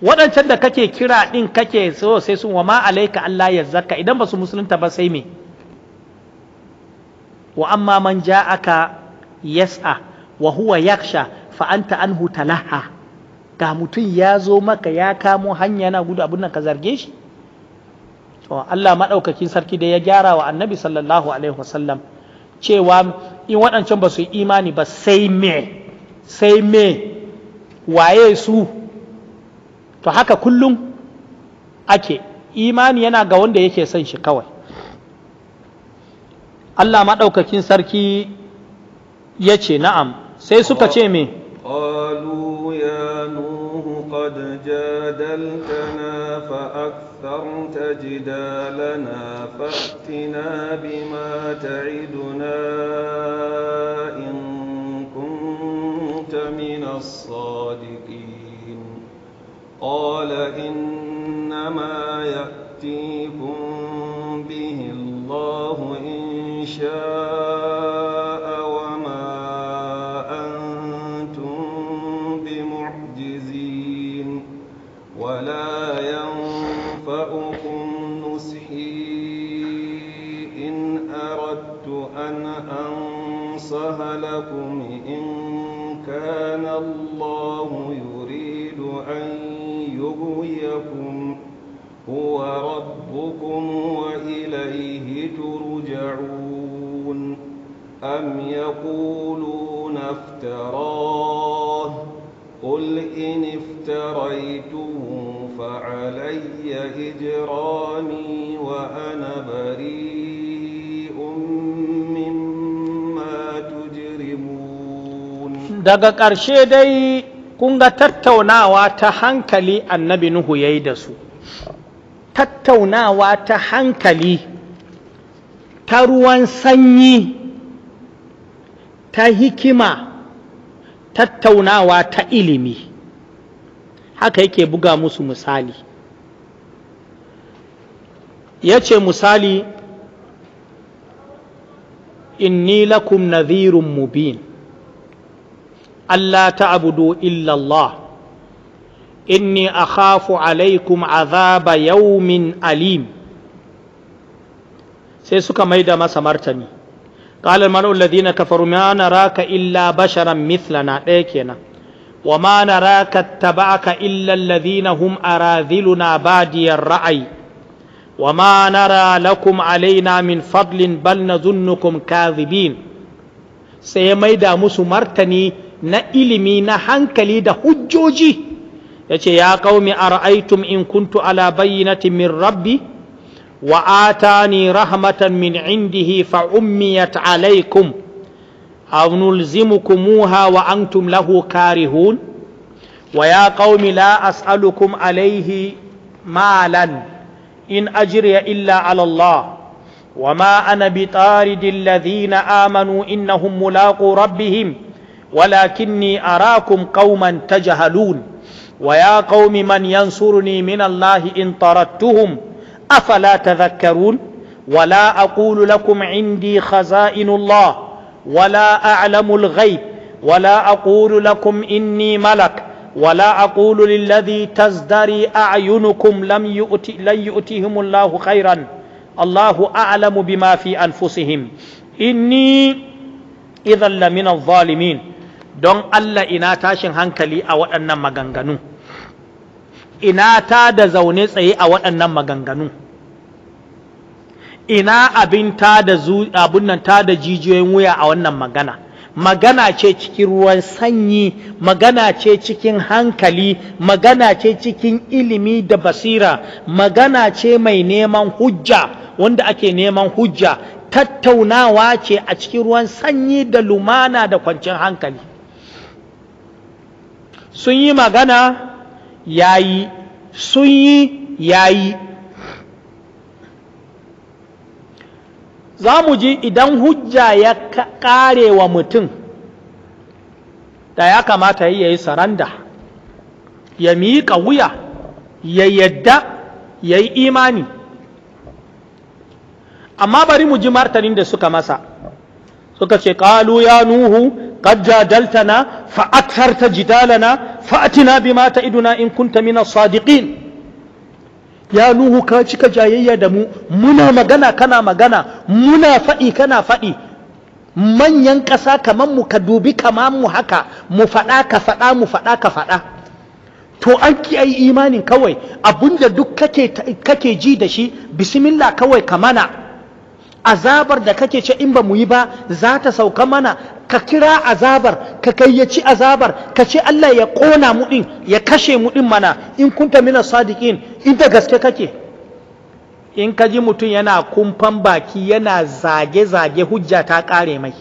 waɗancan da kake kira ɗin kake so sai sun wa ma alaika Allah ya zakka idan ba su musulunta ba sai me wa amma man ja'aka yas'a wa huwa yaksha fa anta anhu talaha ga mutum ya zo maka ya kamo hanya na gudu abin nan ka zarge shi to Allah madaukakin sarki da ya gyara wa annabi sallallahu alaihi wasallam cewa in waɗancan ba su yi imani ba sai me sai me waye su to haka kullum ake imani yana ga wanda yake son shi kawai Allah maɗaukakin sarki ya ce na'am sai suka ce me قد الصادقين قال إنما يأتيكم به الله إن شاء هو ربكم وإليه ترجعون أم يقولون افتراه قل إن افتريته فعلي إجرامي وأنا بريء مما تجرمون daga ƙarshe dai kun ga tattaunawa ta hankali annabi Nuhu ya yi da su tattaunawa ta hankali ta ruwan sanyi ta hikima tattaunawa ta ilimi haka yake buga musu misali ya ce misali inni lakum nadhirun mubin Allah ta abudu illallah inni akhafu alaikum azaba yaumin alim sai suka maida masa martani qala al-mar'u alladhina kafaru ma naraka illa basharan mithlana ɗaya kenan wa ma naraka taba'aka illa alladhina hum aradhiluna badiyar ra'ayi wa ma nara lakum alaina min fadlin bal nazunnukum kadhibin sai maida musu martani na ilimi na hankali da hujjoji yace ya qaumi ara'aytum in kuntu ala bayyinatin min rabbi wa atani rahmatan min indihi fa ummiyat alaykum aw nulzimukumuha wa antum lahu karihun wa ya qaumi la as'alukum alayhi malan in ajriya illa ala Allah وما أنا بطارد الذين آمنوا إنهم ملاقو ربهم ولكني أراكم قوما تجهلون ويا قوم من ينصرني من الله إن طردتهم أفلا تذكرون ولا أقول لكم عندي خزائن الله ولا أعلم الغيب ولا أقول لكم إني ملك ولا أقول للذي تزدري أعينكم لم يؤتي لن يؤتيهم الله خيرا الله أعلم بما في أنفسهم إني إذا لمن الظالمين دون ألا إنا تاشن هنكلي أو أن maganganu ina ta da zaune tsaye a waɗannan maganganu ina abin ta da abin nan ta da jijiyoyin wuya a wannan magana magana ce cikin ruwan sanyi magana ce cikin hankali magana ce cikin ilimi da basira magana ce mai neman hujja wanda ake neman hujja tattaunawa ce a cikin ruwan sanyi da lumana da kwanciyar hankali sun yi magana Yayi yi sun yi ya za mu ji idan hujja ya kare wa mutum da ya kamata ya yi saranda ya miƙa wuya ya yadda ya yi imani amma bari mu ji martanin da suka masa suka ce ƙalu ya nuhu na قد جادلتنا فأكثرت جدالنا فأتنا بما تعدنا إن كنت mina الصادقين ya nuhu ka cika jayayya da mu muna magana kana magana muna faɗi kana faɗi manyan ƙasa kaman mu ka dubi kamar mu haka mu faɗa ka faɗa mu faɗa ka faɗa to an ki ai imanin kawai abinda duk kake kake ji da shi bismillah kawai ka mana azabar da kake ce in bamu yi ba zata sauka mana ka kira azabar ka kayyaci azabar ka ce Allah ya ƙona mu ɗin ya kashe mu ɗin mana in kunta mina sadiqin in da gaske kake in ka ji mutum yana kumfan baki yana zage-zage hujja ta ƙare mai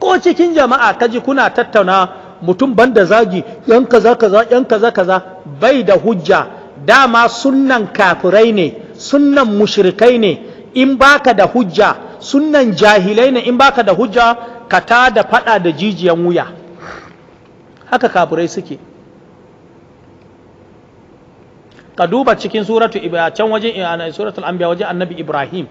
ko cikin jama'a ka ji kuna tattauna mutum banda zagi yan kaza kaza yan kaza kaza bai da hujja dama sunnan kafirai ne sunnan mushrikai ne in baka da hujja sunnan jahilai ne in baka da hujja ka ta da fada da jijiyan wuya haka kafirai suke ka duba cikin suratu can wajen eh, suratul anbiya wajen annabi ibrahim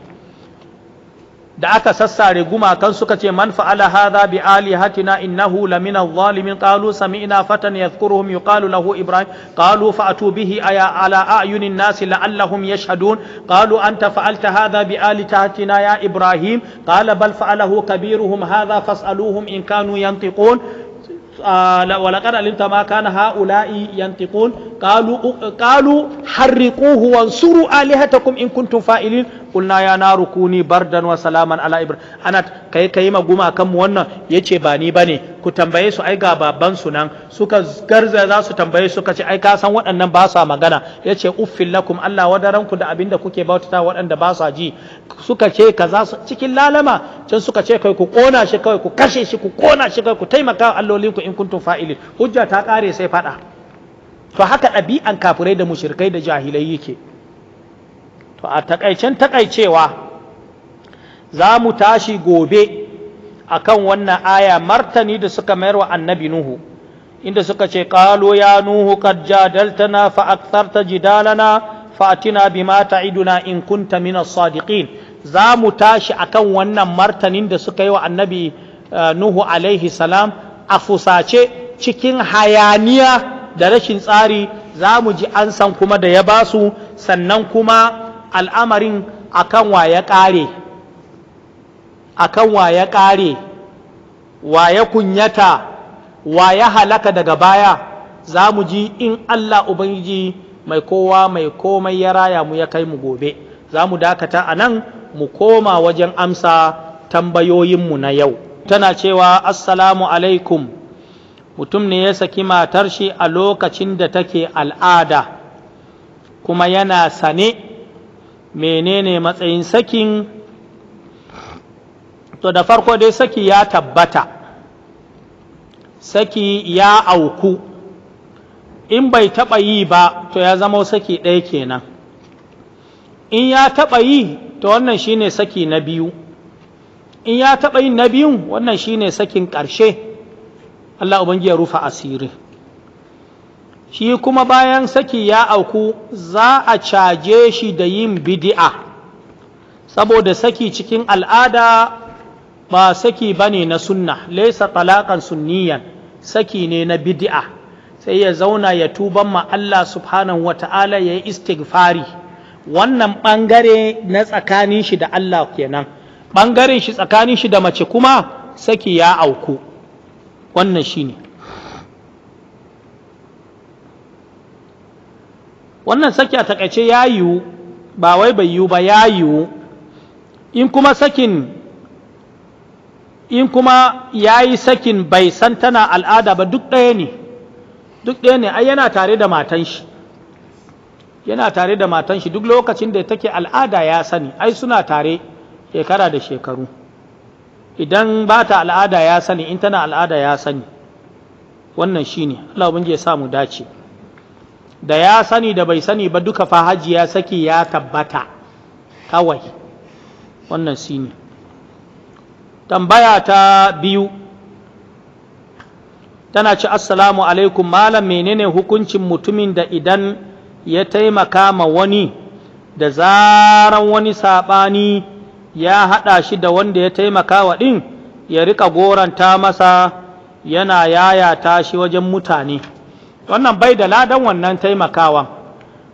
da aka sassare gumakan suka ce man fa'ala hadha bi alihatina innahu lamina adh-dhalimin qalu sami'na fatan yadhkuruhum yuqalu lahu ibrahim qalu fa'tu bihi aya ala a'yunin nas la'allahum yashhadun qalu anta fa'alta hadha bi alihatina ya ibrahim qala bal fa'alahu kabiruhum hadha fas'aluhum in kanu yantiqun ولقد علمت ما كان هؤلاء ينطقون قالوا قالوا حرقوه وانصروا آلهتكم إن كنتم فاعلين kulna ya na rukuni bardan wa salaman ala ibra ana kai kai maguma gumakan mu wannan yace ba ni bane ku tambaye su ai ga baban su nan suka garza za su tambaye suka ce ai ka san waɗannan ba sa magana yace uffil lakum Allah wadaranku da abinda kuke bautata waɗanda ba sa ji suka ce ka za su cikin lalama can suka ce kai ku kona shi kai ku kashe shi ku kona shi kai ku taimaka allolin ku in kuntum fa'ilin hujja ta kare sai fada to haka ɗabi'an kafirai da mushrikai da jahilai yake to a takaicen takaicewa za mu tashi gobe akan wannan aya martani da suka mayar wa annabi nuhu inda suka ce ƙalo ya nuhu kad jadaltana fa jidalana fa atina bima ta'iduna in kunta mina sadiqin za mu tashi kan wannan martanin da suka yi wa annabi eh, nuhu alaihi salam a fusace cikin hayaniya da rashin tsari za mu ji an san kuma da ya basu sannan kuma al'amarin akan wa ya ƙare akan wa ya ƙare wa ya kunyata wa ya halaka daga baya za mu ji in Allah Ubangiji mai kowa mai komai ya raya mu ya kai mu gobe za mu dakata a nan mu koma wajen amsa tambayoyinmu na yau tana cewa assalamu alaikum mutum ne ya saki matar shi a lokacin da take al'ada kuma yana sane menene matsayin sakin to da farko dai saki ya tabbata saki ya auku in bai taɓa yi ba to ya zama saki ɗaya kenan in ya taɓa yi to wannan shine saki na biyu in ya taɓa yi na biyun wannan shine sakin ƙarshe Allah Ubangiji ya rufa asiri shi kuma bayan saki ya auku za a caje shi da yin bidi'a saboda saki cikin al'ada ba saki bane na sunna laisa talakan sunniyan saki ne na bidi'a sai ya zauna ya tuban ma Allah subhanahu wata'ala ya yi istighfari wannan ɓangare na tsakanin shi da Allah kenan ɓangaren shi tsakanin shi da mace kuma saki ya auku wannan shine wannan saki a takaice ya yiwu ba wai bai yiwu ba ya yiwu in kuma sakin in kuma ya yi sakin bai san tana al'ada ba duk ɗaya ne duk ɗaya ne ai yana tare da matan shi yana tare da matan shi duk lokacin da take al'ada ya sani ai suna tare shekara da shekaru idan ba ta al'ada ya sani in tana al'ada ya sani wannan shine Allah ya sa mu dace da ya sani da bai sani ba duka fa ya saki ya tabbata kawai wannan shi ne tambaya ta biyu tana ci assalamu alaikum malam menene hukuncin mutumin da idan ya taimaka ma wani da zaran wani saɓani ya haɗa shi da wanda ya taimaka wa ɗin ya riƙa goranta masa yana yayata shi wajen mutane wannan bai da ladan wannan taimakawa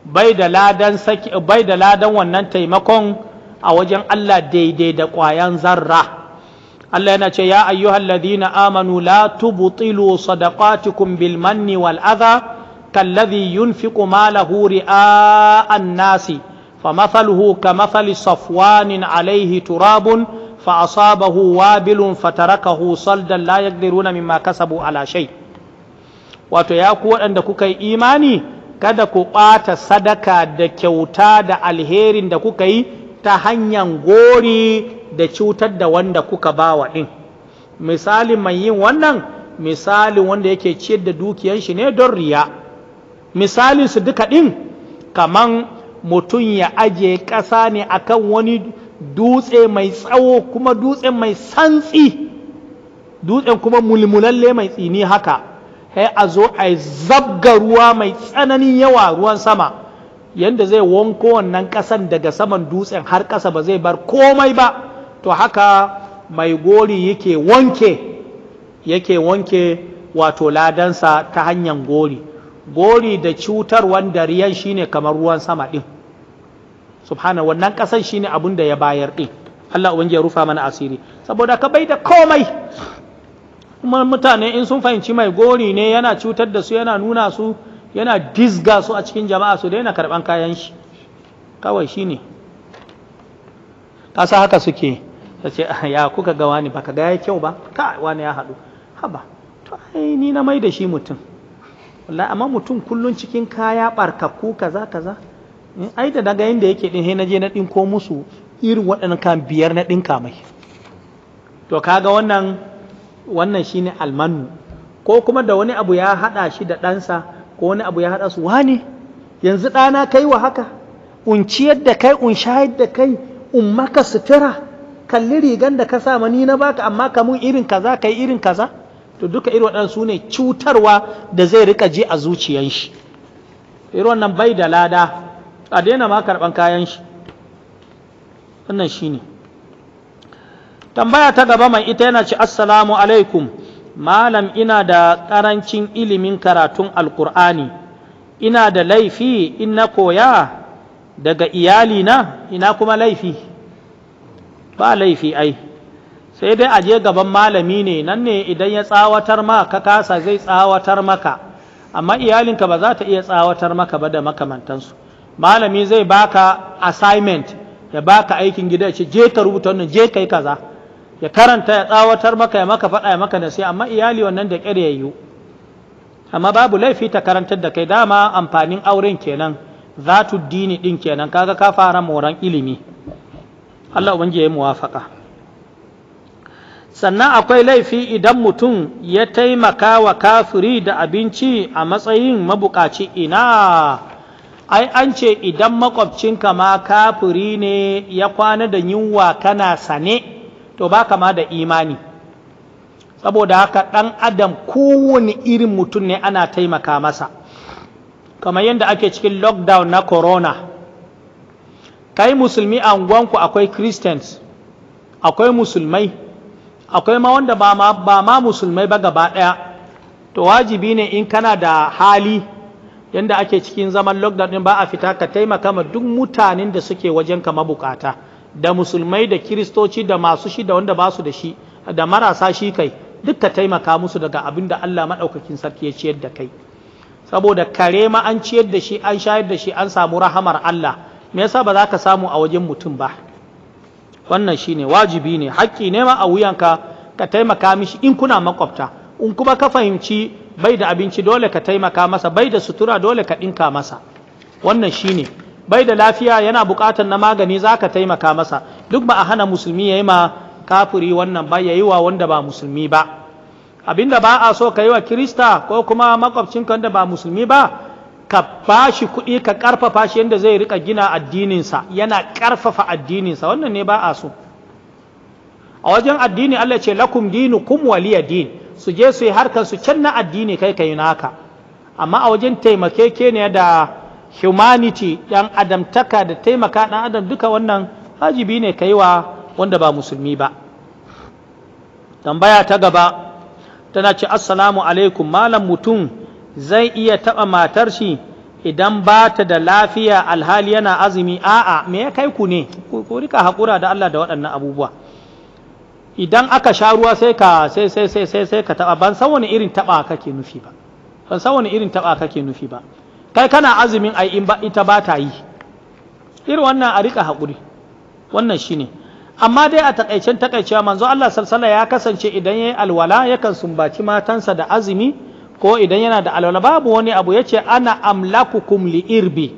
bai da ladan wannan taimakon a wajen Allah daidai da ƙwayan zarra Allah yana ce ya ayyuhal ladina amanu la tubtilu sadaqatikum bil manni wal adha kalladhi yunfiqu malahu ri'a an-nasi فمثله safwanin صفوان turabun fa asabahu وابل فتركه صلدا لا يقدرون مما كسبوا ala شيء wato ya ku waɗanda kuka yi imani kada ku ɓata sadaka da kyauta da alherin da kuka yi ta hanyar gori da cutar da wanda kuka ba wa ɗin Misali mai yin wannan misali wanda yake ciyar da dukiyan shi ne don riya misalin su duka ɗin kaman mutum ya aje ƙasa ne akan wani dutse mai tsawo kuma dutse mai santsi dutsen kuma mulmulalle mai tsini haka sai a zo a zabga ruwa mai tsananin yawa ruwan sama yadda zai wanko wannan ƙasan daga saman dutsen har ƙasa ba zai bar komai ba to haka mai gori yake wanke yake wanke wato ladansa ta hanyar gori gori da cutar wanda riyan shine kamar ruwan sama ɗin subhana wannan ƙasan shine abin da ya bayar ɗin allah ya rufa mana asiri saboda ka bai da komai kuma mutane in sun fahimci mai gori ne yana cutar da su yana nuna su yana disga su a cikin jama'a su daina karban kayan shi kawai shi ne ƙasa haka suke ta ce ah, ya kuka ga wani baka ga ya kyau ba ka wani ya haɗu haba to ai ni na mai da shi mutum wallahi amma mutum kullum cikin kaya barkakku kaza kaza in eh, ai da daga yanda yake din sai na je na ɗinko musu irin waɗannan kan biyar na ɗinka mai to kaga wannan wannan shine almanu ko kuma da wani abu ya haɗa shi da ɗansa ko wani abu ya haɗa su wane yanzu ɗana kai wa haka unciyar da kai unshayar da kai un maka sutura kalli rigan da ka sa mani na baka amma ka mun irin kaza kai irin kaza to duka irin waɗannan ne cutarwa da zai rika ji a zuciyan shi irin wannan bai da lada a daina ma karɓan kayan shi wannan shine tambaya ta gaba mai ita yana ci assalamu alaikum malam ina da ƙarancin ilimin karatun alkur'ani ina da laifi in na koya daga iyalina ina kuma laifi ba laifi ai sai dai aje gaban malami ne nan ne idan ya tsawatar ma ka kasa zai tsawatar maka amma iyalinka ba za ta iya tsawatar maka ba da makamantansu malami zai baka assignment ya baka aikin gida ya ce je ka rubuta wannan je kai kaza ya karanta ya tsawatar maka ya maka faɗa ya maka sai amma iyali wannan da ƙyar yayyu amma babu laifi ta karantar da kai dama amfanin auren kenan zatu dini din kenan kaga ka fara moran ilimi Allah ubangiji ya yi muwafaka sannan akwai laifi idan mutum ya taimaka wa kafiri da abinci a matsayin mabukaci ina ai an ce idan makwabcinka ma kafiri ne ya kwana da yunwa kana sane to ba kama da imani saboda haka ɗan adam kowane irin mutum ne ana taimaka masa kamar yadda ake cikin lockdown na corona kai musulmi a unguwanku akwai christians akwai musulmai akwai ma wanda ba ma, musulmai ba gaba ɗaya to wajibi ne in kana da hali yadda ake cikin zaman lockdown ɗin ba a fita ka taimaka ma duk mutanen da suke wajenka mabukata da musulmai da kiristoci da masu shi da wanda ba su da shi da marasa shi kai duk ka taimaka musu daga abin da Allah maɗaukakin sarki ya ciyar da kai saboda kare ma an ciyar da shi an shayar da shi an samu rahamar Allah me yasa ba za ka samu a wajen mutum ba wannan shine wajibi ne haƙƙi ne ma a wuyanka ka taimaka mishi in kuna makwabta in kuma ka fahimci bai da abinci dole ka taimaka masa bai da sutura dole ka ɗinka masa wannan shine ne bai da lafiya yana buƙatar na magani za ka taimaka masa duk ba a hana musulmi ya yi ma kafiri wannan ba ya yi wa wanda ba musulmi ba abinda ba a so ka yi wa kirista ko kuma makwabcin wanda ba musulmi ba ka bashi kuɗi ka ƙarfafa shi yadda zai riƙa gina addininsa yana ƙarfafa addininsa wannan ne ba a so a wajen addini Allah ce lakum dinu kum waliya din su je su yi harkar su can na addini kai kai naka amma a wajen taimake ne da humanity ɗan adamtaka da taimaka ɗan adam duka wannan hajibi ne ka wa wanda ba musulmi ba tambaya ta gaba tana ce assalamu alaikum malam mutum zai iya taɓa matar shi idan ba ta da lafiya alhali yana azumi a'a me ya kai ku ne ku rika haƙura da Allah da waɗannan abubuwa idan aka sha ruwa sai ka sai sai sai sai ka taɓa ban san wani irin taɓa kake nufi ba ban san wani irin taɓa kake nufi ba kai kana azumin ai in ba ita ba ta yi irin wannan a rika haƙuri wannan shine amma dai a takaicen takaicewa manzo Allah salsala ya kasance idan yayi alwala yakan sumbaci matansa da azumi ko idan yana da alwala babu wani abu ya ce ana amlakukum li irbi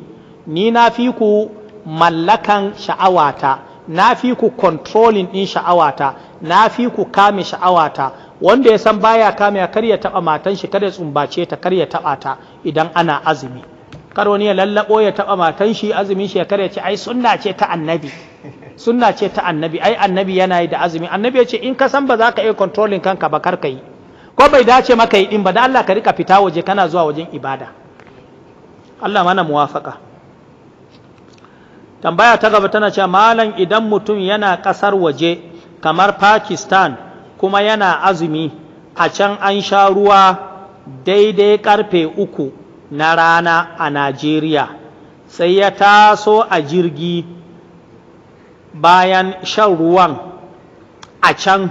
ni na fi ku mallakan sha'awata na fi ku controlling din sha'awata na fi ku kame sha'awata wanda ya san baya kama ya karya taba matan shi kada tsumbace ta karya taba ta idan ana azumi kar wani ya lallabo ya taba matan shi azumin shi ya karya ce ai sunna ce ta annabi sunna ce ta annabi ai annabi yana yi da azumi annabi ya ce in ka san ba za ka iya controlling kanka ba kar ka yi ko bai dace maka yi din ba da Allah ka rika fita waje kana zuwa wajen ibada Allah mana muwafaka tambaya ta gaba tana cewa malam idan mutum yana kasar waje kamar Pakistan kuma yana azumi a can an sha ruwa daidai karfe uku na rana a Najeriya sai ya taso a jirgi bayan shan ruwan a can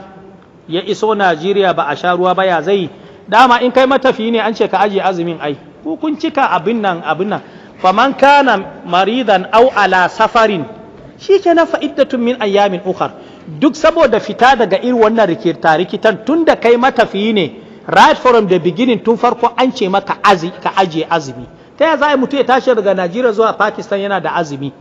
ya iso Najeriya ba a sha ruwa ba ya zai dama in kai matafi ne an ce ka ajiye azumin ai kun cika abin nan abin nan faman kana maridan au ala safarin shi ke na fa'iddatun min ayyamin ukhar duk saboda fita daga irin wannan rikita rikitan tun da kai matafiyi ne right from the beginning tun farko an ce maka ka ajiye azumi ta yaya za a mutu ya tashi daga najeriya zuwa pakistan yana da azumi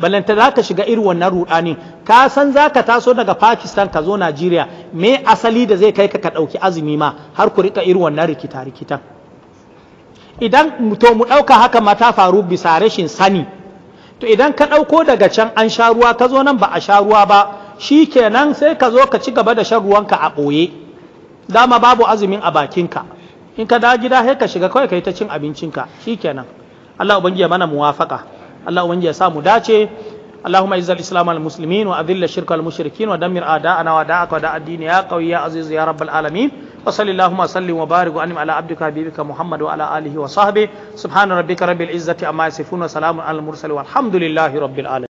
balanta za ka shiga irin wannan rudani ka san za ka taso daga pakistan ka zo najeriya me asali da zai kai ka ka ɗauki azumi ma har ku rika irin wannan rikita rikitan idan to mu ɗauka haka ma ta faru bisa rashin sani to idan ka ɗauko daga can an sha ruwa ka zo nan ba a sha ruwa ba shi kenan sai ka zo ka ci gaba da shan ruwanka a ɓoye dama babu azumin a bakinka in ka da gida sai ka shiga kawai ka yi ta cin abincinka shi kenan Allah ubangi ya mana muwafaka Allah ubangi ya sa mu dace اللهم اعز الاسلام والمسلمين واذل الشرك والمشركين ودمر اعداءنا واعداءك واعداء الدين يا قوي يا عزيز يا رب العالمين وصل اللهم وسلم وبارك وانعم على عبدك حبيبك محمد وعلى اله وصحبه سبحان ربك رب العزه عما يصفون وسلام على المرسل والحمد لله رب العالمين